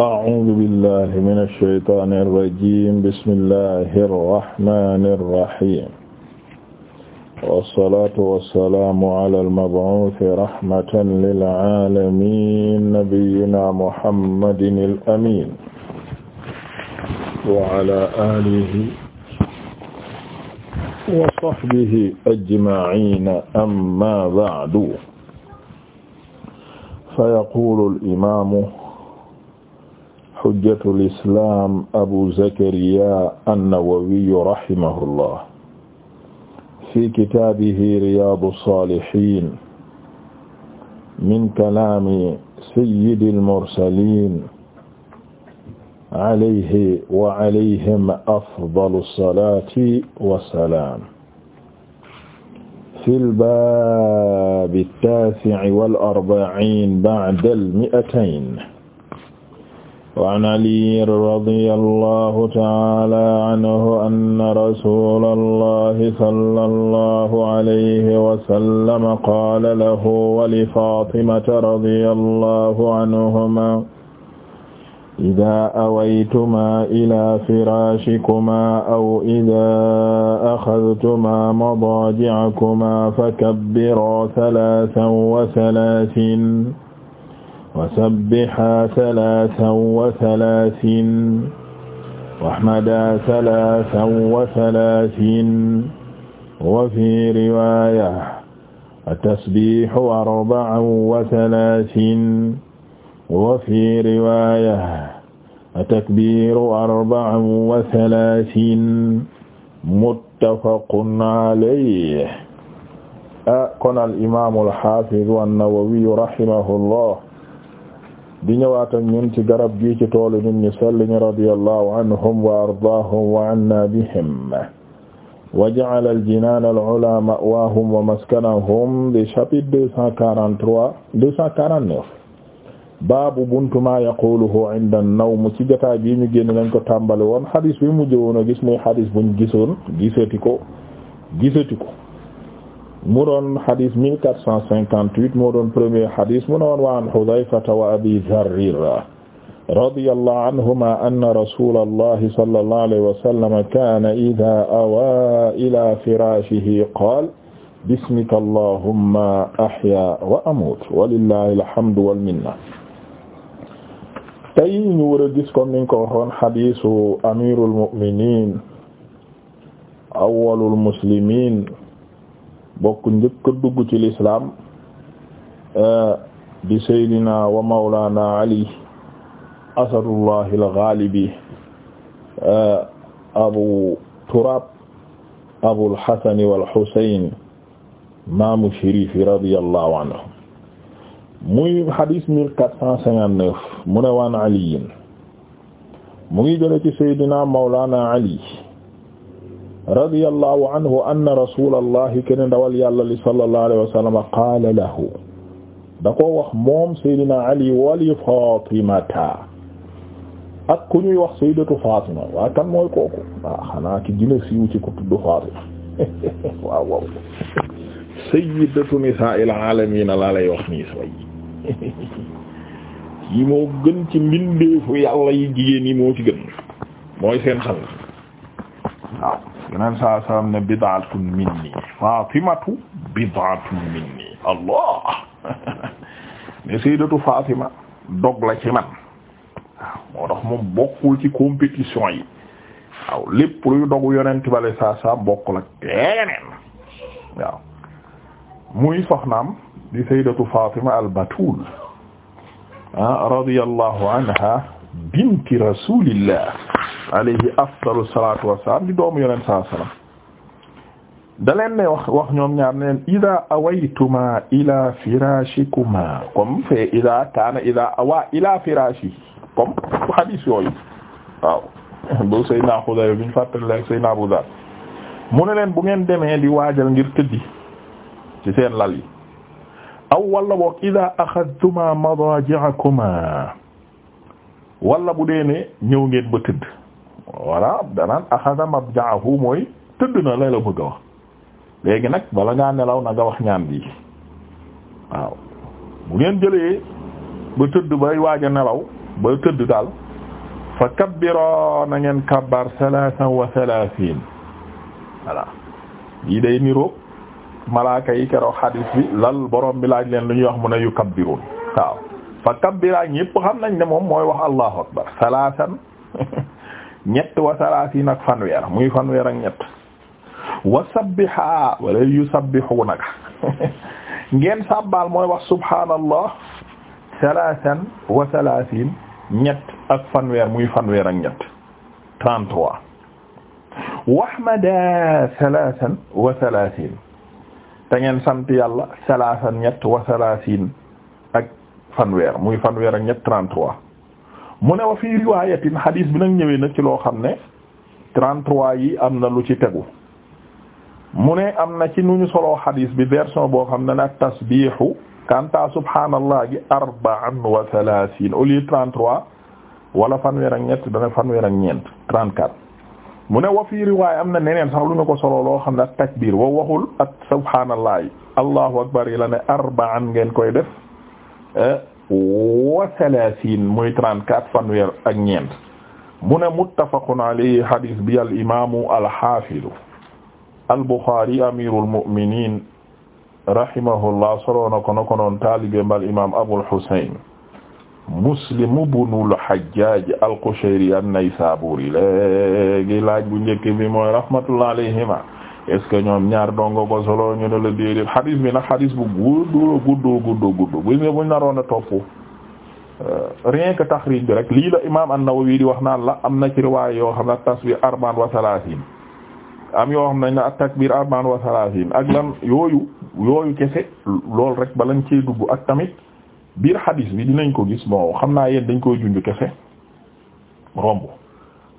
a'uuzu billaahi mina shaytaani rajiim bismillaahi rahmaani rahiim wassalaatu wassalaamu alal mab'uusi rahmatan lil aalamiin nabiyyinaa muhammadinil amiin wa alaa aalihi wa sahbihi ajma'iina ammaa ba'du fa yaquulul imaamu xujjatul islaam abu zakariya annawawiyu rahimahullah fi kitaabihi riyaadu saalihiin min kalaami sayyidil mursaliin alayhi wa alayhim afdalu salaati wa salaam fil baabi taasi'i wal arba'iin ba'dal mi'atayn وعن علي رضي الله تعالى عنه أن رسول الله صلى الله عليه وسلم قال له ولفاطمة رضي الله عنهما إذا أويتما إلى فراشكما أو إذا أخذتما مضاجعكما فكبرا ثلاثا وثلاثين وسبحا ثلاثا وثلاثين وحمدا ثلاثا وثلاثين وفي رواية التسبيح أربعا وثلاثين وفي رواية التكبير أربعا وثلاثين متفق عليه. Kon al-imaam al-haafiz an-Nawawi rahimahullah di ñëwaat ak ñun ci garab gi ci toolu nit ñi sell ñi radiyallahu anhum wa ardaahum wa anna bihim wa ja'ala al-jinaan al-'ulaa ma'waahum wa maskanahum di chapitre deux cent quarante trois deux cent quarante baabu buntu maa yaquluhu 'inda an-nawm ci jotaay bii ñu génn nañ ko tàmbali woon xadis bi mu jëwoon a gis muy xadis buñ gisoon gisati ko gisati ko mu doon xadis 1458 mu doon premier xadis mu doon wa an Hudayfata wa Abi Dharr radiyallahu anhuma anna rasulallahi sallallahu alayhi wa sallam kaana idaa awaa ilaa firaashihi qaala bismika allahumma ahyaa wa amuutu walillahi alhamdu wal minna. tey ñu war a gis comme ni ñu ko waxoon xadiisu amiirul mu'miniin awwalul muslimiin bokk njëkk a dugg ci lislaam euh, di saydina wa mawlana ali asadullah al-ghalibi euh, abu turab abul hasan wal husayn maamu shérif radiyallahu anhu muy hadith mille quatre cent cinquante neuf mu ne waan aliyin mu ngi jële ci saydina ali radiyallahu anhu anna rasulallahi ken ndawal yàlla li sallallahu alayhi wa sallam lahu da ko wax moom Seydina Ali wali Fatimata ak ku ñuy wax Sayyidatu Fatima waa kan mooy kooku waaw xanaa ki gën a laa lay wax nii say moo gën ci mbindeefu yàlla yi jigéen yi moo ci gën mooy seen xal yeneen saa salaam ne bid'atun minni Fatimatu bid'atun minni Allah ne sayyidatu Fatima dog la ci man moo tax moom bokkul ci compétition yi waaw lépp luy dogu yonent bale saa saa bokkul ak yeneen waaw muy soxnaam di sayyidatu Fatima al-Batul ah, radiyallahu anha binti rasulillah alayhi afdalu salatu wassalam di doomu yonent sallallahu alayhi wasallam da leen ne wax wax ñoom ñaar ne leen ida awaytuma ila firashikuma comme fe ida kaana ida awa ila firashi comme hadis yooyu waaw bu Seydina Xudayr biñu fàttali leen Seydina Abu Dar mu ne leen bu ngeen demee di waajal ngir tëddi ci seen lal yi aw wala boog ida axadtuma madaji'akuma wala bu dee ne ñëw ngeen ba tëdd voilà danaan axada mabja'ahu mooy tëdd na la la bëgg a wax léegi nag bala ngaa nelaw na nga wax ñaan bi waaw bu ngeen jëlee ba tëdd bay waaj nelaw ba tëdd daal fa kabbira na ngeen kabbar salaasa wa salaasin voilà yii day niroog malaaka yi keroog xadiis bi lal borom bi laaj leen lu ñuy wax mu ne yu kabbiroon waaw fa kabbira ñépp xam nañ ne moom mooy wax allahu akbar salaasan ñett wa salaasin ak fanweer muy fanweer ak ñett wa sabbiha wala yusabbihunaka ngeen sabbal mooy wax subhaanallah salaasan wa salaasin ñett ak fanweer muy fanweer ak ñett trente-trois wahmada salaasan wa salaasin te ngeen sant yàlla salaasan ñett wa salaasin ak fanweer muy fanweer ak ñett 33 mu ne wa fii riwaayatin xadiis bi nag ñëwee na ci loo xam ne 33 yi am na lu ci tegu mu ne am na ci nu ñu soloo xadiis bi version boo xam ne nag tasbiixu kanta subhaanallah gi arba'an wa thalaathiin au lieu 33 wala fanweer ak ñett dana fanweer ak ñeent 34 mu ne wa fii riwaaya am na neneen sax lu ñu ko solo loo xam ne ak takbiir wa waxul ak subhaanallah yi allahu akbar yi la ne arba'an ngeen koy def wa salaasiin muy 34 fanweer ak ñeent mu ne muttafaqun alayhi hadis bi al imaamu al haafidu al buxaari amirul mu'miniin rahimahullah soloona ko nokonoon taalibe mbal imaam abul husayn muslim ibnul hajjaaj al qushayri an-naysaabuuri léegi laaj bu njëkk bi mooy rahmatullah alayhima est-ce que ñoom ñaar dongo ko solo ñu ne la déedéet xadis bi na xadis bu gudd gudd gudd gudd bu ñu naroon a topp euh, rien que taxriij bi rek lii la imaam an-Nawawi di wax naan la am na ci riwaay yoo xam ne tasbir arba'an wa salaasin am yoo xam nañ ne at-takbir arba'an wa salaasin ak lan yooyu yooyu kese lool rek ba lañ ci dugg ak tamit biir xadis bi dinañ ko gis bon xam naa yéen dañ koy junj kese romb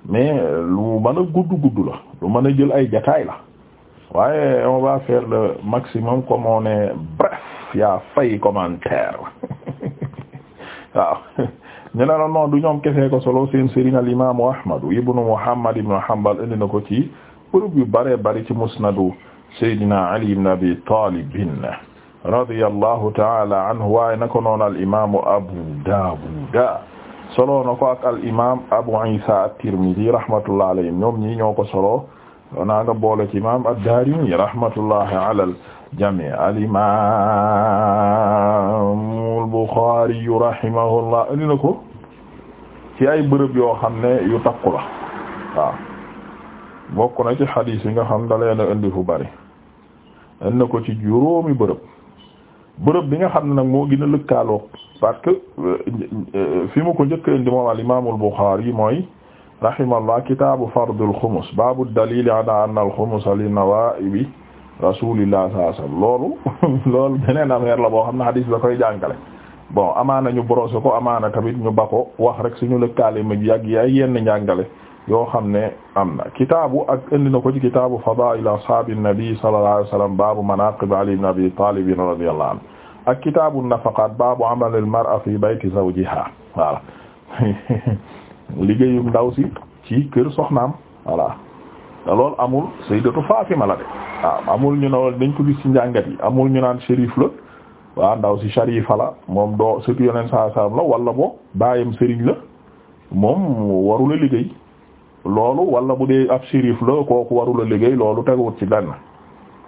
mais lu mën a gudd gudd la lu mën a jël ay jataay la. waaye on va faire le maximum comme on est bref yaa fay commentaire waaw du ñoom kese ko solo seen sëriñ al imaamu Ahmadu Muhammad ibnu Hanbal indi na ko ci bërëb yu bëree bëri ci musnadu Seydina Ali ibn Abi Talib radiyallahu ta'ala anhu waaye na ko noon al imaamu Abu Dawud solo na ko ak al Abu Isa at-Tirmidhi rahmatullahi alayhim ñoom ñii ñoo ko solo. naa nga boole ci imam ad-Daarimi rahmatullahi ala al-jamii al-imaam al-Buxaari rahimahullah indi na ko ci ay bërëb yoo xam ne yu takku la waaw bokk na ci xadiis yi nga xam da leen indi fu bari indi na ko ci juróomi bërëb bërëb bi nga xam ne nag moo gën a parce que euh, euh, fi mu ko njëkk indi moom al-imaam al-Buxaari mooy rahimahullah kitaabu fardul xumus baabu dalili ala anna alxumus li nawaa'ibi rasulillah sallallahu alayhi wasallam loolu loolu beneen affaire la boo xam ne hadis la koy jàngale bon amaana ñu brosé ko amaana tamit ñu ba ko wax rek suñu lëkkaale ma yàgg yaay yenn njàngale yoo xam ne am na kitaabu ak indi na ko ci kitaabu fadaa'il ashaabi nabi sallallahu alayhi wasallam baabu manaqib ali ibn abi talib radiyallahu anhu ak kitaabu nafaqaat baabu amal al mar'a fi bayti zawjiha voilà liggéeyum ndaw si ci kër soxnaam voilà te loolu amul sayyidatu Fatima la de waaw ah, amul ñu ne dañ ko gis ci njàngat yi amul ñu naan shérif la waa ndaw si sharifa la moom doo surtout yeneen la wala boog baayam sëriñ la moom warula liggéey loolu wala bu dee ab shérif la kooku warula liggéey loolu teguwut ci lenn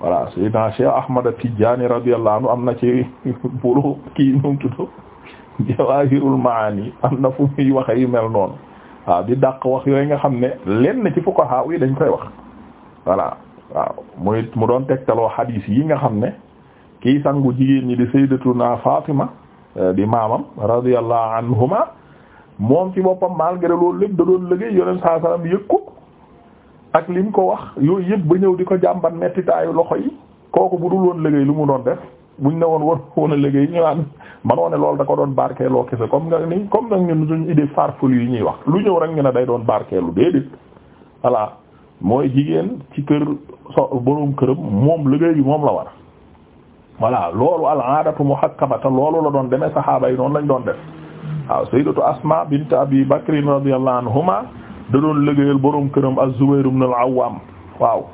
voilà sayyidina Cheikh Ahmad Tidiane radiyallahu anhu am na ci pour kii nu mu tudd Jawahirul am na fu muy waxe yu mel noonu waaw di dàq wax yooyu nga xam ne lenn ci fuqaha yi dañ koy wax voilà waaw muy mu doon tegtaloo hadith yi nga xam ne kii sangu jigéen ñi di sayyidatuna Fatima euh, di maamam radiyallahu anhuma moom ci boppam malgré loolu lépp da doon liggéey yoneen saa salaam yëg ko ak lim ko wax yooyu yëpp ba ñëw di ko jàmbat mettitaayu loxo yi kooku bu dul woon liggéey lu mu doon def ñu ne woon war woon a liggéey ñu naan manoo ne loolu da ko doon barkeeloo kese comme nga ni comme nag ñun suñu idée farfelu yi ñuy wax lu ñëw rek ñu ne day doon barkeelu déedéet voilà mooy jigéen ci kër so boroom këram moom liggéey bi moom la war voilà loolu al aadatu muhakkamata loolu la doon demee saxaaba yi noonu lañ doon def waaw sayyidatu asma bint abi bakrin radiyallahu anhuma da doon liggéeyal boroom këram az-zubayr ibn al-awwam waaw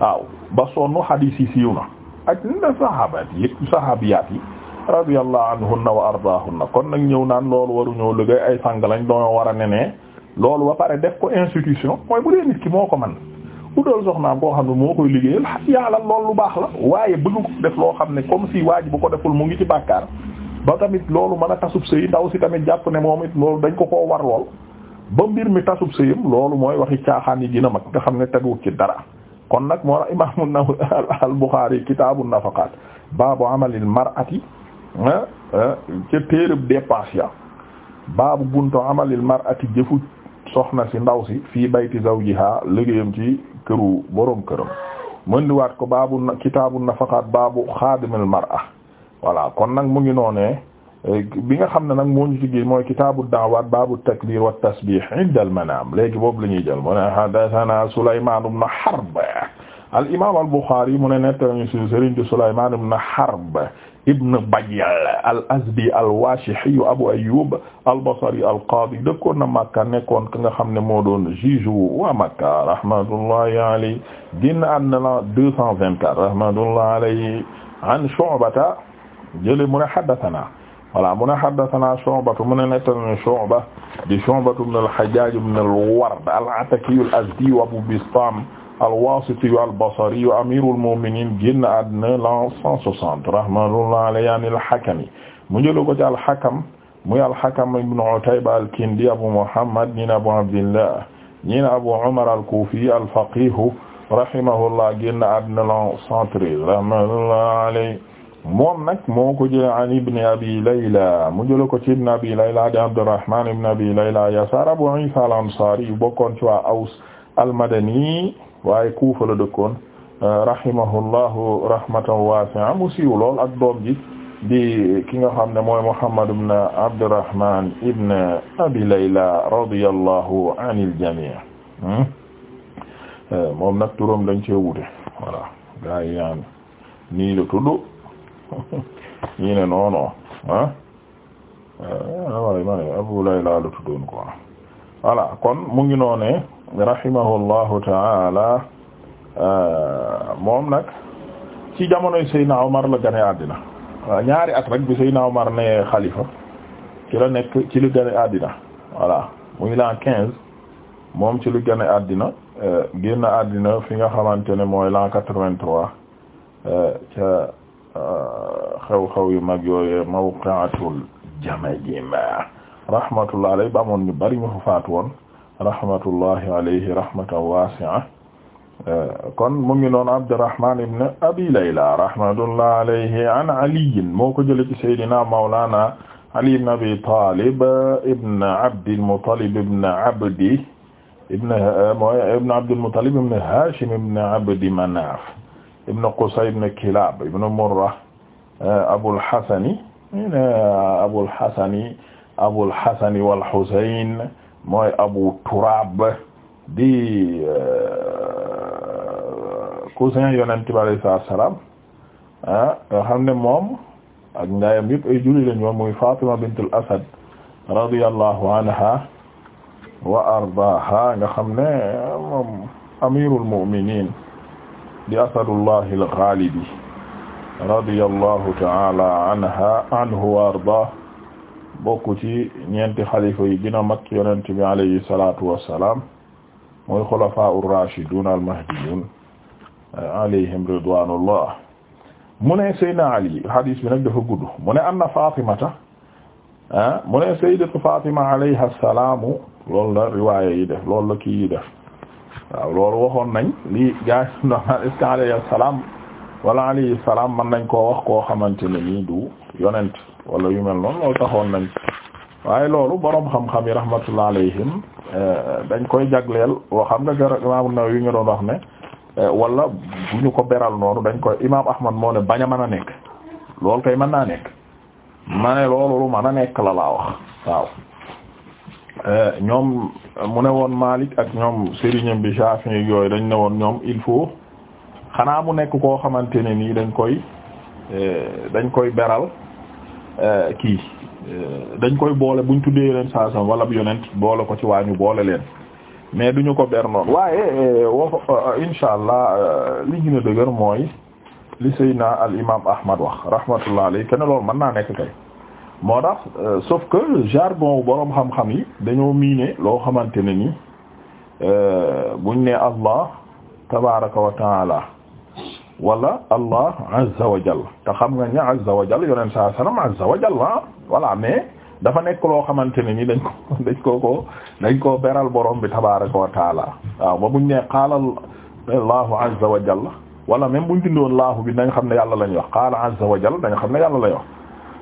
waaw ba sonnu xadiis yi siiw na ak na saxaabaat yi saxaabiyaat yi radiyallahu anhunna wa ardaahunna kon nag ñëw naan loolu waruñoo lëg ay sang lañ doon war a ne loolu ba pare def ko institution mooy bu dee nit ki moo ko man bu dool soxnaam koo xam ne moo koy liggéey liggéeyal yàlla loolu lu baax la waaye bëgg ko def loo xam ne comme si waa ji bu ko deful mu ngi ci bàkkaar ba tamit loolu mën a tasub sëy ndaw si tamit jàpp ne moom it loolu dañ ko koo war lool ba mbir mi tasub sëyam loolu mooy waxi caaxaan yi gën a mag nga xam ne teguwul ci dara kon nag moo tax imaamu Nawawi al-Bukhari kitaabu nafaqaat baabu amalil mar'ati ah, ah, ca téereb dépense ya baabu buntu amalil mar'ati jëfu soxna si ndaw si fii bayti zawjiha liggéeyam ci këru borom këram mën di waat ko baabu kitaabu nafaqaat baabu xaadimil mar'a voilà kon nag mu ngi noonee bi nga xam ne nag moo ñu ci mooy kitaabu da'waat baabu takbiir wa tasbiih inda a manaam léegi boobu la ñuy jël mu ne haddathanaa Sulaymaan ibn Harb al-imaam al-Bukhaari mu ne nettali suñu sëriñ di Sulaymaan ibn Harb ibn al-Azdi al-Waashihi Abu Ayyuub al-Basri al-Qaadi dëkkoon na Makka nekkoon ka nga xam ne moo doon juge waa Makka rahmatullahi alayhi génn àddina la 224 rahmatullahi alayhi an Shu'bata jële mu ne haddathanaa voilà mu ne haddathana Shu'batu mu ne nettali Shu'ba di Shu'batu ibn al-Hajjaj ibn al-Ward al-Ataki al-Azdi Abu Bistam al-Wasiti al-Basri amirul mu'minin génn àddina l'an 160 rahmatullahi alayhi an al-Hakami mu jëloon ko ci al-Hakam muy al-Hakam ibn Utayba al-Kindi Abu Muhammad ñi ne Abu Abdillah ñi ne Abu Umar al-Kufi al-faqih rahimahullah génn àddina l'an 113 rahmatullahi alayhi moom nag moo ko jëlee an ibn abi layla mu jëlee ko ci ibn abi layla di abdurrahman ibn abi layla yasar abu isa al ansari yu bokkoon ci wa aws al madani waaye kuufa la dëkkoon rahimahullahu rahmatan wasi'a mu siiw lool ak doom ji di ki nga xam ne mooy muhammad ibn abdurrahman ibn abi layla radiyallahu anil jami' hmm? eh, moom nag turam dañ ci wute voilà gaa yi nii la ñi ne non non ah, ah ma ne Abu Layla la tuddoon quoi kon mu ngi noonee rahimahullahu taala ah, moom nag ci jamonoy Seydina Omar la gane àddina ñaari at rek bi Seydina Omar ne xalifa ci la nekk ci lu gane àddina voilà muy l'an quinze moom ci li gane àddina eh, génn àddina fi nga xamante ne mooy l'an quatre-vingt-trois eh, xew-xew yu mag yooyee mawqi'atul jamajim rahmatullahi alayhi ba amoon ñu bari ñu fa faatu woon rahmatullahi alayhi rahmatan wasi'a kon mu ngi noon Abdurrahman ibn Abi Layla rahmatullahi alayhi an Ali moo ko jële ci Seydina Mawlana Ali ibn Abi Talib ibn Abdil Muttalib ibn Abdi ibn eh, mooy ibn Abdil Muttalib ibn Hashim ibn Abdi Manaf ibn Qusay ibn Kilab ibn Murra eh, Abul Hasani eh, Abul Hasani Abul Hasani wal Husayn mooy Abu Turab di eh, cousin Yonent bi alayhi salaam ah nga xam ne moom ak ngaayam yëpp ay julli lañu woon muy Fatima bintul Asad radiyallahu anha wa ardaaha nga xam ne moom amirul mu'minin di asadullahi alxaalibi radiyallahu taala anha anhu wa ardah bokk ci ñeenti xalifa yi gën a mag yonent bi alayhi salatu wassalam mooy xulafaa ar-rashidun al-mahdiyun alayhim ridwanullah mu ne Seydina Ali hadis bi nag dafa gudd mu ne anna Fatimata ah mu ne sayyidatu Fatima alayha salaam loolu la riwaaya yi def loolu la kii yi def waaw loolu waxoon nañ lii gaa yi ndax naan est-ce salaam wala alayhi salaam mën nañ ko wax koo xamante ne nii du yonent wala yu mel noonu loolu taxoon nañ waaye loolu borom xam-xam yi rahmatullah alayhim eh, dañ koy jagleel loo xam nga gërëm Imaam Nawawi nga doon wax ne eh, wala ñu ko beral noonu dañ koy Imaam Ahmad moo ne bañ a mën a nekk loolu kay mën naa nekk ma ne loolu lu a nekk la laa wax waaw. Euh, ñoom mu ne woon Malik ak ñoom sëriñam bi Shafi'i yooyu dañ ne woon ñoom il faut xanaa mu nekk koo xamante ne nii dañ koy euh, dañ koy beral euh, kii dañ koy boole buñ tuddee yonent saa wala bu yonent boole ko ci waa ñu boole leen mais duñu ko ber waaye woo insha allah li gën a dëgër mooy li Seydina al imam Ahmad wax rahmatullah alayhi kenn loolu mën naa nekk kay moo tax euh, sauf que jargon wu boroom xam-xam yi dañoo miine loo xamante ne ni euh, buñ ne allah tabaraka wa walla wala allah azza wa jalla te xam nga ña azza wa jalla yoneen saa salaam azza wa jalla voilà mais dafa nekk loo xamante ne ni dañ ko dañ koo ko beral borom bi tabaraka wa taala waaw ba buñ ne qaala allahu azza wa jalla wala même buñ tindoon laahu bi dañ xam ne yàlla la ñuy wax qaala azza wa jalla dañ xam ne yàlla la ñuy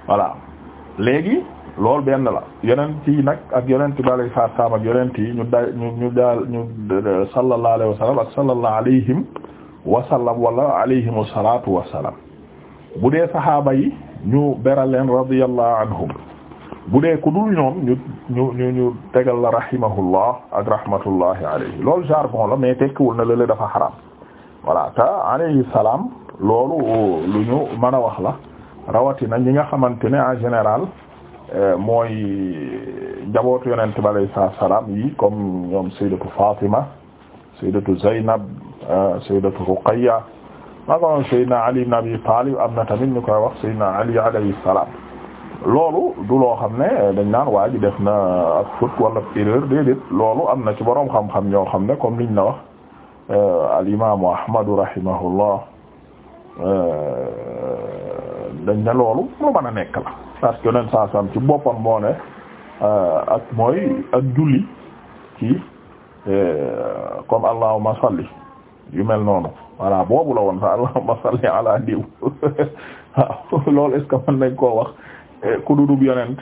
wax léegi loolu benn la yonent yi nag ak yonent bi alayhi salaam ak yonent yi ñu da ñu ñu daal ñu sallallahu alayhi wa sallam ak sallallahu alayhim wa sallam wala alayhimu salaatu wa salaam bu dee saxaaba yi ñu beral leen radiyallahu anhum bu dee ku dul ñoom ñu ñu ñu ñu tegal la rahimahullah ak rahmatullahi alayhi loolu jargon la mais tekkiwul na lële dafa xaraam voilà te alayhi salaam loolu lu ñu mën a wax la. rawatina ñi nga xamante ne en général euh, mooy njabootu yonent bi alayhi salaam yi comme ñoom sayyidatu Fatima sayyidatu Zaynab euh, sayyidatu Ruqayya maa ngi woon Seydina Ali ibn Abi am na tamit ñu koy wax Seydina Ali alayhi salaam loolu du loo xam ne euh, dañ naan waa ji def na ak faute wala erreur déedéet am na ci boroom xam-xam ñoo xam ne comme liñ la wax al Ahmadu rahimahullah dañ ne loolu lu mën a nekk la parce que yoneen saa sam ci boppam moo ne euh, ak mooy ak julli ci euh, comme allahumma salli yu mel noonu voilà boobu la woon sa allahumma salli ala diw loolu est que mën nañ koo wax euh, ku dudub yonent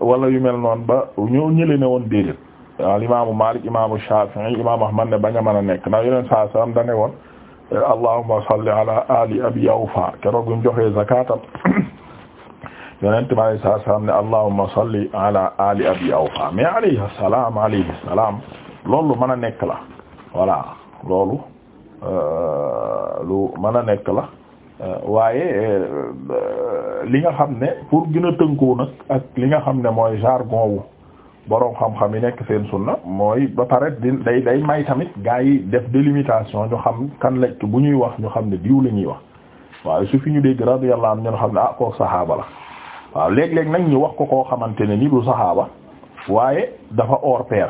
wala yu noon ba ñoo ñële ne woon déedéet waaw imaamu Maalik imaamu Shaafi'i imaamu Ahmad ne bañ a mën a nekk ndax yoneen saa sam da woon allahumma salli ala ali abi awfa keroog bi mu joxee zakatam yonent bi alayhi salaatu salaam ne allahumma salli ala ali abi awfa mais alayhi salaam alayhi salaam loolu mën a nekk la voilà loolu euh, lu mën a nekk la euh, waaye euh, li nga xam ne pour gën a tënkoo nag ak li nga xam ne mooy jargon wu borom xam-xam yi nekk seen sunna mooy ba pare day day may tamit gaa yi def délimitation ñu xam kan la bu ñuy wax ñu xam ne diw la ñuy wax waaye su fi ñu dégg radiyallahu am ñu xam ne ah koo saxaaba la waaw léeg-léeg nag ñu wax ko koo xamante ne nii du saxaaba waaye dafa hors pair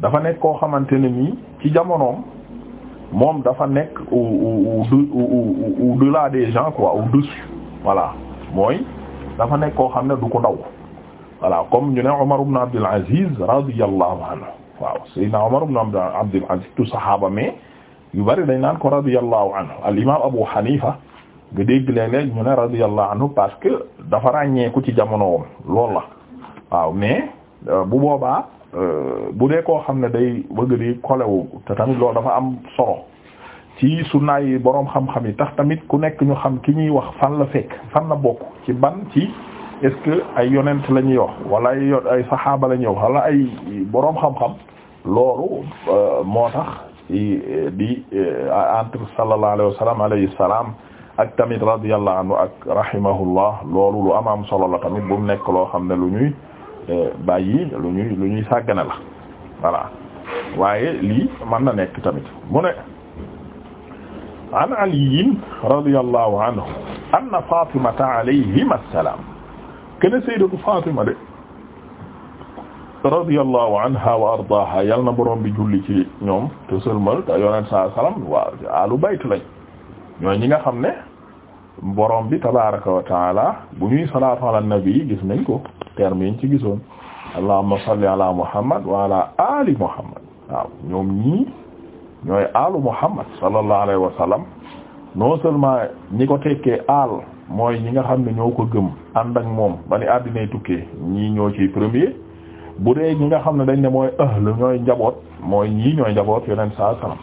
dafa nekk koo xamante ne nii ci jamonoom moom dafa nekk au-delà des gens quoi au-dessus voilà mooy dafa nekk koo xam ne du ko ndaw voilà comme ñu ne Omar ibn Abdul Aziz radiyallahu anhu waaw Seydina Omar ibn Abdul Aziz tu saxaaba mais yu bari day naan ko radiyallahu anhu al imaam Abu Hanifa nga dégg léeg ñu ne radiyallahu anhu parce que dafa ràññeeku ci jamonoom loolu la waaw mais euh, bu boobaa euh, bu dee koo xam ne day bëgg di kolewu te tamit loolu dafa am solo ci sunnaay boroom xam-xam yi tax tamit ku nekk ñu xam ki ñuy wax fan la fekk fan la bokk ci ban ci. est que ay yonent la ñuy wax wala ay ay saxaaba la ñuy wax ay boroom xam loolu euh, moo tax di euh, entre sallallahu alayhi wa sallam salaam ak tamit radiyallahu anhu loolu lu am am solo la tamit bu mu nekk loo xam ne lu ñuy euh, bàyyi lu ñuy lu ñuy sàggane la lii mën na nekk tamit mu ne an aliyin radiyallahu anhu anna fatimata alayhima assalaam kene sayyidatu Fatima de radiyallahu anha wa ardaaha yal na borom bi julli ci ñoom te seulement te saa salaam alu bayt lañ ñooy ñi nga xam ne borom bi tabaaraka wa taala bu ñuy salaatu ala nabi gis nañ ko terme yi ci gisoon allahumma salli ala muhammad wa ali muhammad waaw ñoom ñii ñooy alu muhammad sallallahu alayhi wa sallam non ñi ko tekkee al mooy ñi nga xam ne ñoo ko gëm ànd ak moom ba àddina àddinay tukkee ñii ñoo ciy premier bu dee ñi nga xam ne dañ ne mooy ahlu ñooy njaboot mooy ñii ñooy njaboot yeneen saa salaam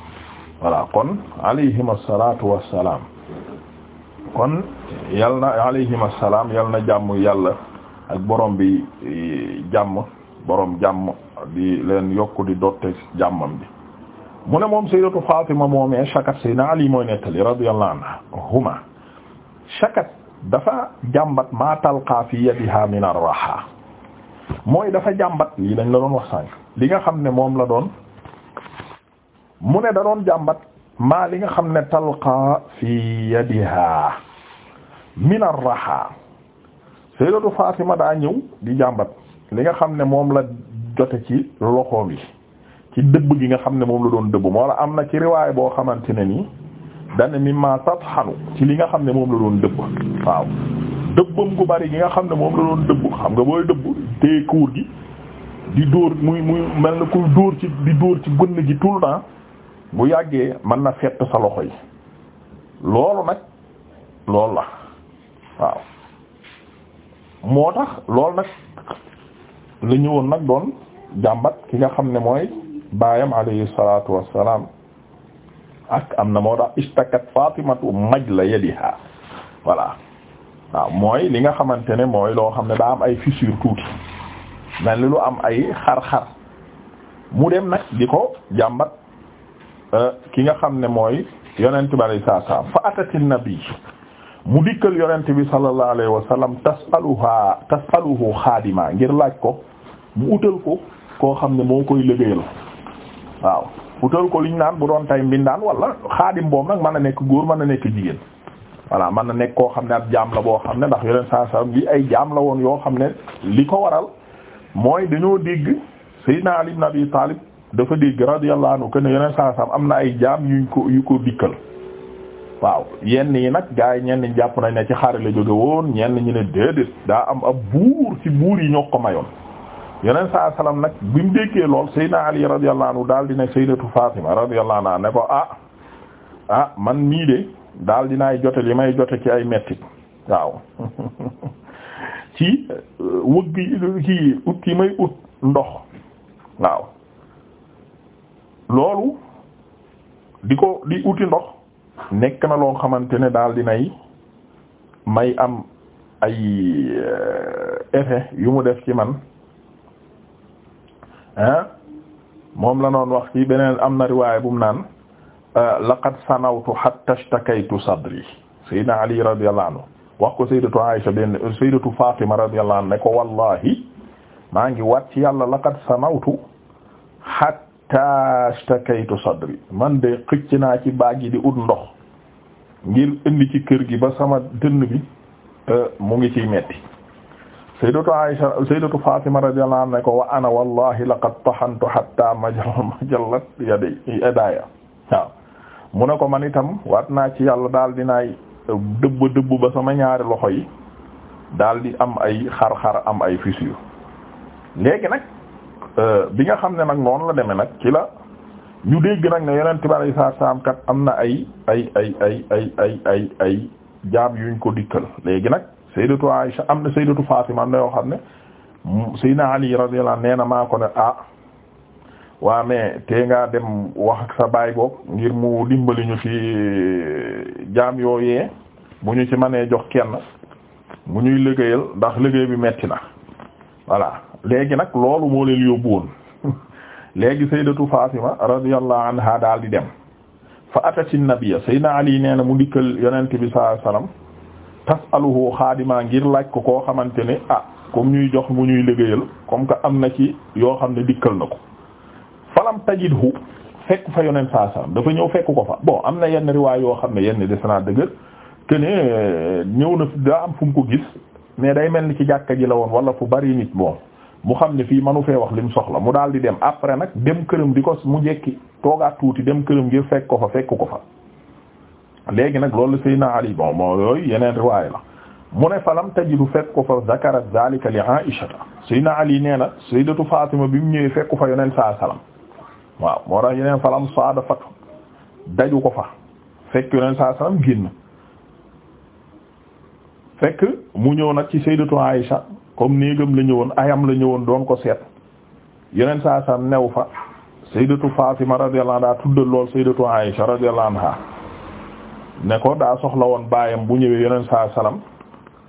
voilà kon alayhim asalaatu wassalaam kon yal na alayhim assalaam yal na jàmm yàlla ak borom bi e, jàmm borom jàmm di leen yokku di dotte jàmmam bi mu ne moom sayyidatu Fatima moomee shakat sayyidina Ali mooy nettali radiyallahu anhuma shakat dafa jàmbat ma talqa fi yadiha min ar-raha mooy dafa jàmbat lii dañ la doon wax sànq li nga xam ne moom la doon mu ne da doon jàmbat maa li nga xam ne talqa fi yadiha min ar-raha sayyidatu Fatima daa ñëw di jàmbat li nga xam ne moom la jote ci loxoom yi ci dëbb gi nga xam ne moom la doon dëbb moo la am na ci riwaay boo xamante ne nii dana mimma tatxanu ci li nga xam ne moom la doon dëbb waaw dëbbam gu bari gi nga xam ne moom la doon dëbb xam nga booy dëbb téye kuur gi di dóor muy muy mel na ku dóor ci di dóor ci gënn gi tout le bu yàggee man na fett sa loxo yi loolu nag loolu la waaw moo tax lool nag la ñëwoon nag doon jàmbat ki nga xam ne mooy baayam alayhi salaatu wassalaam ak am na moo tax istakat fatimatu majla yadiha voilà waaw mooy li nga xamante ne mooy loo xam ne daa am ay fissure tuuti mel ni lu am ay xar-xar mu dem nag di ko jàmbat euh, ki nga xam ne mooy yonent bi alay saa saa fa atati nabi mu dikkal yonent bi sallallahu alayhi wa sallam tasaluha tasaluhu xaadima ngir laaj ko mu utal ko koo xam ne moo koy liggéeyal waaw utal ko liñ naan bu doon tay mbindaan wala xaadim boobu nag mën na nekk góor mën na nekk jigéen voilà mën na nekk koo xam ne ab jaam la boo xam ne ndax yeneen saa saa lii ay jaam la woon yoo xam ne li ko waral mooy dañoo dégg Seydina Ali na Abi Talib dafa dégg radiyallahu anhu que ne yeneen saa saa am na ay jaam yuñ ko yu ko dikkal. waaw yenn yi nag gars yi ñenn jàpp nañ ne ci xare la jóge woon ñenn ñi ne déedéet daa am ab buur ci buur yi ñoo ko mayoon. yeneen saa salaam nag bi mu déggee lool Seydina Ali radiyallahu anhu daal di ne Sayyidatu Fatima radiyallahu anha ne ko ah ah man mii de daal dinaay jote li may jote ci ay mettit waaw ci uh, wëgg kii ut yi may ut ndox waaw loolu di ko di uti ndox nekk na loo xamante ne daal dinay may am ay uh, effet yu mu def ci man ah moom la noon wax ci beneen am na riwaaya bu mu naan euh, laqad sanawtu hatta ishtakaytu sadri sayyidina ali radiyallahu anhu wax ko sayyidatu aisha benn sayyidatu fatima radiyallahu anha ne ko wallahi maa ngi wat ci yàlla laqad sanawtu hatta ishtakaytu sadri man de xëcc naa ci baag yi di ut ndox ngir indi ci kër gi ba sama dënn bi euh, mu ngi ciy metti sayyidatu Aisha sayyidatu Fatima radiyallahu anha ne ko wa ana wallahi laqad tahantu hatta majallat yaday yadaya mu ne ko man itam wat naa ci yàlla daal dinaay dëbb dëbb ba sama ñaari loxo yi daal di am ay xarxar am ay fissure léegi nag euh, bi nga xam ne nag noonu la demee nag kila la ñu dégg nag ne yeneen tubaab yi saa saam kat am na ay ay ay ay ay jaam yuñ ko dikkal léegi nag. sayyidatu Aisha am na sayyidatu Fatima am na yoo xam ne sayyidina Ali radiyallahu anhu nee na maa ko ne ah waa mais tee ngaa dem wax ak sa baay boog ngir mu dimbali ñu ci euh, jaam yooyee bu ñu ci mënee jox kenn mu ñuy liggéeyal ndax liggéey bi metti na voilà léegi nag loolu moo leen yóbbu woon léegi sayyidatu Fatima radiyallahu anha daal di dem fa atati nabiyya sayyidina Ali nee na mu dikkal yonent bi sallallahu alayhi tasaluhu xaadima ngir laaj ko koo xamante ne ah comme ñuy jox mu ñuy liggéeyal comme que am na ci yoo xam ne dikkal na ko falam tajidhu fekk fa yonent saa dafa ñëw fekk ko fa bon am na yenn riwaay yoo xam ne yenn des naa dëgër que ne ñëw na daa am fu mu ko gis mais day mel ni ci jàkka ji la woon wala fu bari nit bon mu xam ne fii manu fee wax lim soxla mu daal di dem après nag dem këram di ko mu jekki toogaat tuuti dem këram ngir fekk ko fa fekk ko léegi nag loolu Seydina Ali bon moo yooyu yeneen riwaay la mu ne falam tajidu fekk ko fa zakarat zalika li Aisha Seydina Ali nee na Sayyidatu Fatima bi mu ñëwee fekk fa yeneen saa salaam waaw moo tax yeneen falam saadafat daju ko fa fekk yeneen saa salaam génn fekk mu ñëw nag ci Sayyidatu Aisha comme néegam la ñëwoon ayam la ñëwoon doon ko seet yeneen saa new fa Sayyidatu Fatima radiyallahu anha tuddal lool Sayyidatu Aisha radiyallahu anha ne ko daa soxla woon baayam bu ñëwee yonent saa salaam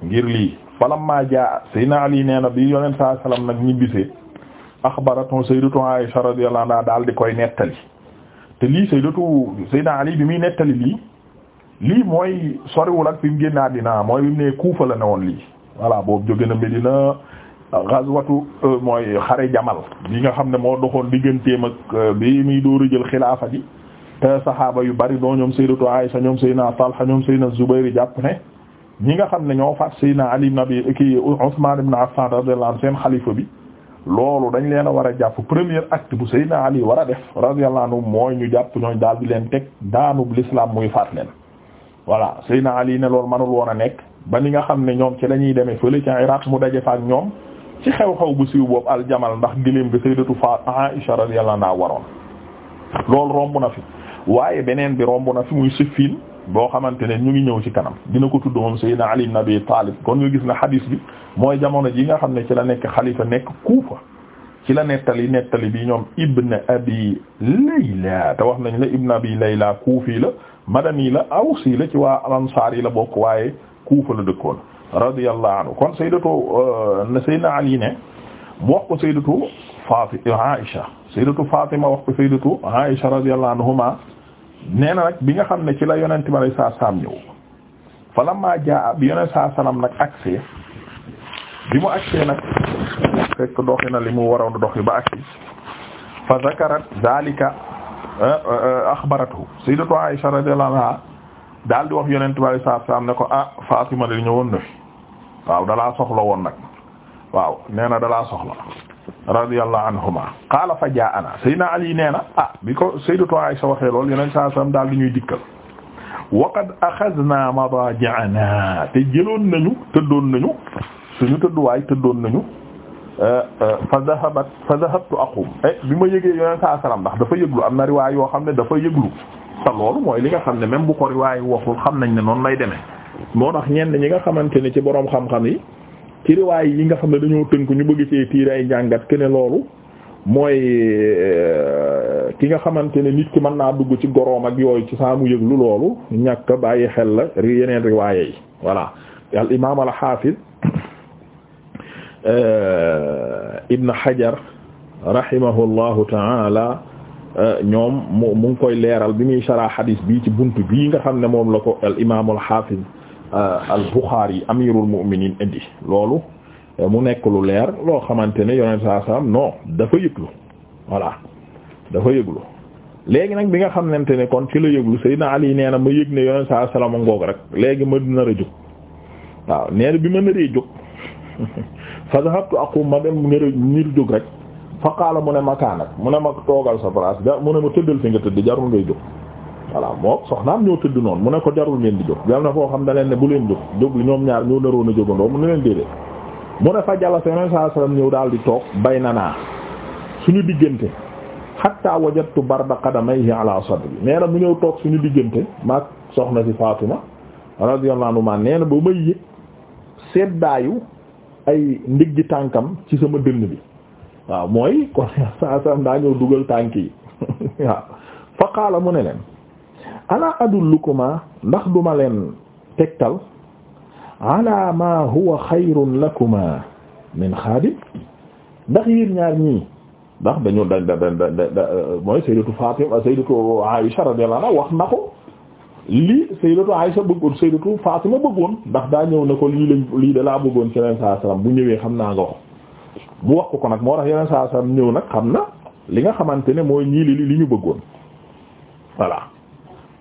ngir lii falammaa jaa Seydina Ali nee na bi yonent saa salaam nag ñibbisee axbaratu Sayyidatu Aisha radiyallahu anha daal di koy nettali te lii Sayyidatu Seydina Ali bi muy nettali lii lii mooy soriwul ak fi mu génn àddina mooy bi mu ne Kuufa la ne woon lii voilà boobu jóge na Medina gazwatu euh, mooy xare Jamal bi nga xam ne moo doxoon digganteem ak euh, bi muy dóor a jël xilaafa gi saxaaba yu bari doo ñoom sayyidatu Aisha ñoom sayyidina Talha ñoom sayyidina Zubayr jàpp ne ñi nga xam ne ñoo faat sayyidina Ali ibn Abi ki Usman ibn Affan radiyallahu anhu seen xalifa bi loolu dañ leen a war a jàpp premier acte bu sayyidina Ali war a def radiyallahu anhu mooy ñu jàpp ñooñ daal di leen teg daanub l'islam muy faat leen voilà sayyidina Ali ne loolu manul woon a nekk ba ni nga xam ne ñoom ci lañuy demee fële ca Iraq mu daje fa ak ñoom ci xew-xew bu siiw boobu aljamal ndax giléem ga sayyidatu Aisha radiyallahu anha waroon loolu waaye beneen bi romb na fi muy siffiin boo xamante ne ñu ngi ñëw ci kanam dina ko tudd moom Seydina Ali ibn Abi Talib kon nga gis na hadis bi mooy jamono ji nga xam ne ci la nekk xalifa nekk Kuufa ci la nettali nettali bi ñoom Ibn Abi Layla te wax nañ la Ibn Abi Layla Kuufi la madani la awsi la ci waa Ansaar yi la bokk waaye Kuufa la dëkkoon radiyallahu anhu kon sayyidatu euh, Seydina Ali ne mu wax ko sayyidatu Fatima Aïcha sayyidatu Fatima wax ko sayyidatu Aïcha nee na bi nga xam ne ci la yonent ma lay saa saam ñëw falammaa jaa bi yonent saa salam nag agsee bi mu agsee nag fekk doxi li mu waroon doxi ba agsi fa zakarat zalika ah, ah, ah, axbaratu sayyidatu Aisha radiyallahu anha daal di wax yonent bi ne ko ah Fatima de ñëwoon na fi waaw dalaa soxla woon nag waaw nee dalaa soxla radiyallahu anhuma qaala fa jaana saydna ali nee na ah bi ko sayyidatu Aisha waxee lool yeneen sa sallam daal di ñuy dikkal wa qad axadna madaaji'ana te jëloon nañu tëddoon nañu suñu tëdduwaay tëddoon nañu euh, euh, fa dahabat fa dahabtu aqum eh bi ma yëgee yeneen saa sallam ndax dafa yëglu am na riwaay yoo xam ne dafa yëglu te loolu mooy li nga xam ne même bu ko riwaay waxul xam nañ ne noonu lay demee moo tax ñenn ñi nga xamante ne ci boroom xam-xam yi ci riwaay yi nga xam ne dañoo tënk ñu bëgg ci tiir ay njàngat ke ne loolu mooy euh, ki nga xamante ne nit ki mën naa dugg ci goroom ak yooyu ci saa mu yëglu loolu ñàkk bàyyi xel la yeneen riwaaye yi wala al imaam al xaafiz euh, ibn Hajar rahimahullahu taala euh, ñoom mu mu ngi koy leeral bi muy sarah xadiis bii ci bunt bii nga xam ne moom la ko al imaam al xaafiz Euh, al-Bukhari amirul mu'minin indi loolu euh, mu nekk lu leer loo xamante ne yonent saa salaam non dafa yëglu voilà dafa yëglu léegi nag bi nga xam xamante ne kon ci la yëglu Seydina Ali nee na ma yëg ne yonent saa salaam ngoog rek léegi ma nar a jóg waaw nee na bi ma naree jóg fa dhahabtu aqum ma dem nar a jóg rek fa qaala mu ne makaanak mu ne ma toogal sa place mu ne ma tëddal fi nga tëdd jarul ngay jóg. voilà moo soxnaam ñoo tëdd noonu mu ne ko jarul ngeen di jóg yal na foo xam da leen ne bu leen jóg jóg li ñoom ñaar ñoo naroon a jógandoo mu ne leen déedéet mu ne fa jala seen saa salaam ñëw daal di toog bay na naa suñu diggante hatta wajadtu barda qadamayhi ala sadri nee na mu ñëw toog suñu diggante maag soxna si Faatuma radiyallahu anha nee na ba may yëg seddaayu ay ndiggi tànkam ci sama dënn bi waaw mooy kon saa salaam daa ñëw dugal tànk yi waaw fa qaala mu ne leen ala adullukuma ndax duma leen tegtal ala ma huwa xayrun lakuma min xaadim ndax yéen ñaar ñii ndax dañu da da da da euh, mooy sayyidatu Fatima sayyidatu Aisha radiyallahu anha wax na ko lii sayyidatu Aisha bëggoon sayyidatu Fatima bëggoon ndax daa ñëw na ko lii lañ lii da laa bëggoon ci yeneen saa salaam bu ñëwee xam naa nga wax mu wax ko ko nag moo tax yeneen saa salaam ñëw nag xam na li nga xamante ne mooy ñii li li ñu bëggoon voilà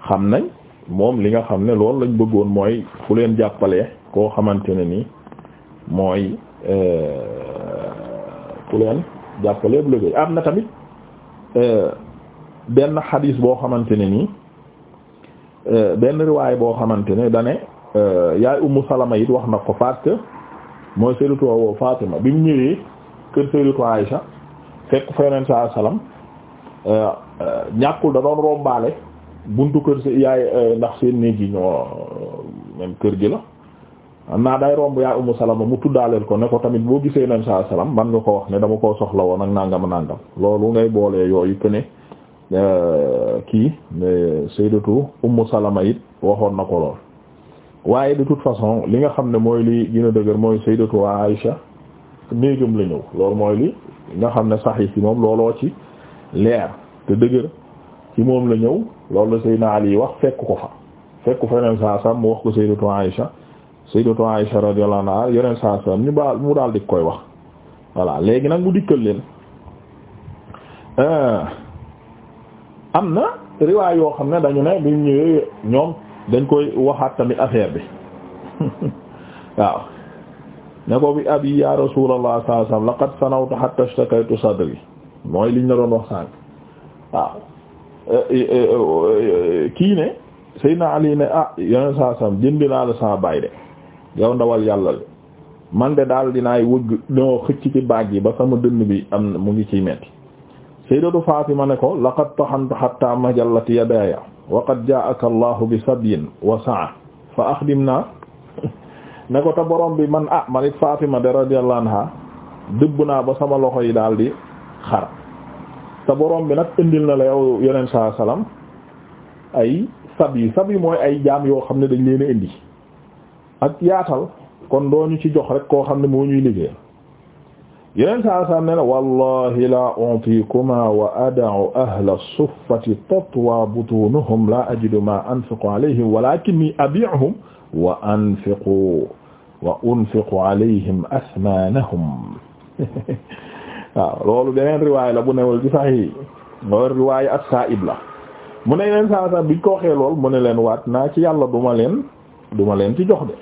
xam nañ moom li nga xam ne loolu lañ bëggoon mooy ku leen jàppalee koo xamante ne ni mooy euh, ku leen jàppalee bu liggéey am na tamit euh, benn xadiis boo xamante ne ni euh, benn riwaay boo xamante ne dane yaay Ummu Salama it wax na ko parce que mooy Sayyidatu Fatima bi mu ñëwee kër Sayyidatu Aïcha fekk fa Yonent saa salaam ñàkkul da doon rombaale buntu kër si yaay euh, ndax seen néeg yi ñoo euh, même kër gi la am naa day romb yaay umu salama mu tuddaaleel ko ne ko tamit boo gisee nañ saa salam man nga ko wax ne dama koo soxla woon ak nàngama nangam loolu ngay boolee yooyu que ne euh, kii sayyidatu umu salama it waxoon na ko lool waaye de toute façon li nga xam ne mooy li gën a dëgër mooy sayyidatu Aïsha néegam la ñëw loolu mooy li nga xam ne sax yi moom looloo ci leer te dëgër ci moom la ñëw loolu la Seydina Ali wax fekk ko fa fekk fa yeneen saa saam mu wax ko Sayyidatu Aïcha Sayyidatu Aïcha radiyallahu anha yeneen saa saam ñu baal mu daal di koy wax voilà léegi nag mu dikkal leen euh, am na riwaay yoo xam ne dañu ne ñoom dañ koy waxaat tamit affaire bi waaw ne ko bi abi ya Rasulullah sallallahu alayhi wasallam laqad sanawtu hatta ishtakaytu sadri mooy liñ la doon wax sànq waaw kii ne Seydina Ali ne ah yeneen saa sam jëndi naa la sama baay de yow ndawal yàlla li man de daal dinaay wëgg ñoo xëcc ci baag yi ba sama dënn bi am na mu ngi ciy metti Sayyidatu Fatima ne ko laqad taxantu hatta majallat yadaya wa qad jaa'aka Allahu bi sabyin wa sa'a fa axdimna ne ko te borom bi man ah man it Fatima de radiyallahu anha dëbb naa ba sama loxo yi daal di xar te borom bi nag indil na la yow yeneen saa salaam ay sab yi sab yi mooy ay jaam yoo xam ne dañ leen a indi ak yaatal kon doo ñu ci jox rek koo xam ne moo ñuy liggéey yeneen saa salaam ne na wallahi la untikuma wa ada'u ahla suffati tatwa butunuhum la ajidu ma anfiqu alayhim walakinni abi'uhum wa anfiqu wa unfiqu alayhim athmanahum waaw loolu beneen riwaay la bu newal ci sax yi loolu riwaay as-Sa'ib la mu ne leen saa sax biñ ko lool mu ne leen waat naa ci yàlla duma leen duma leen ci jox de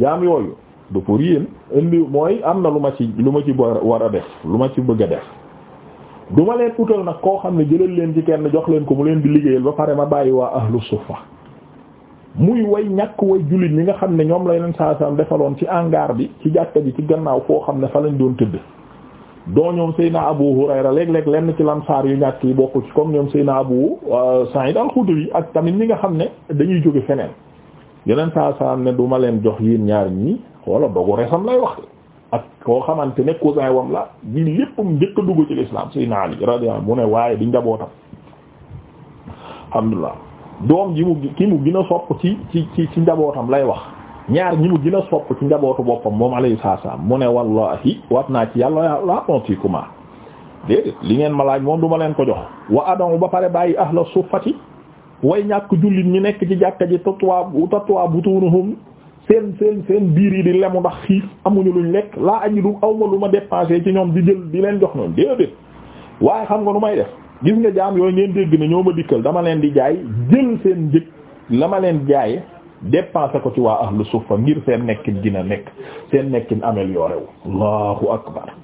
jaam yooyu du pour yéen indi mooy am na lu ma ci lu ma ci war a def lu ma ci bëgg a def duma leen utal nag koo xam ne jëlal leen ci kenn jox leen ko mu leen di liggéeyal ba pare ma bàyyi waa ahlu suffa muy way ñàkk way jullit ñi nga xam ne ñoom la leen saa saa defaloon ci angaar bi ci jàkka ji ci gannaaw foo xam ne fa lañ doon tëdd doo ñoom Seyna Abu Hurayra léeg-léeg lenn ci lamsaar yu ñàkk yi bokku ci comme ñoom Seyna Abu euh, Sa'id al yi ak tamit ñi nga xam ne dañuy jóge feneen yeneen saa saa ne duma leen jox yéen ñaar ñi wala dogu resam lay wax ak koo xamante ne cousin wam la bi lépp njëkk a dugg ci l'islam Seyna Ali radiyallahu anhu mu ne waaye di njabootam alhamdulillah doom ji mu ki mu gën a sopp ci ci ci ci njabootam lay wax. ñaar ñi mu gën a sopp ci njabootu boppam moom alayhi salaam mu ne wallahi waat naa ci yàlla la ontikuma déedéet li ngeen ma laaj moom duma leen ko jox wa adam ba pare bàyyi ahla suffati way ñàkk jullit ñi nekk ci jàkka ji tatwa tatwa butunuhum seen seen seen biir yi di lemu ndax xiif amuñu luñ lekk laa añi du awma lu ma dépensé ci ñoom di jël di leen jox noonu déedéet waaye xam nga nu may def gis nga jaam yooyu ngeen dégg ne ma dikkal dama leen di jaay seen njëg la ma leen jaaye dépensé ko ci waa ahlu suffa ngir seen nekkin dina nekk seen nekkin amélioré wu allahu akbar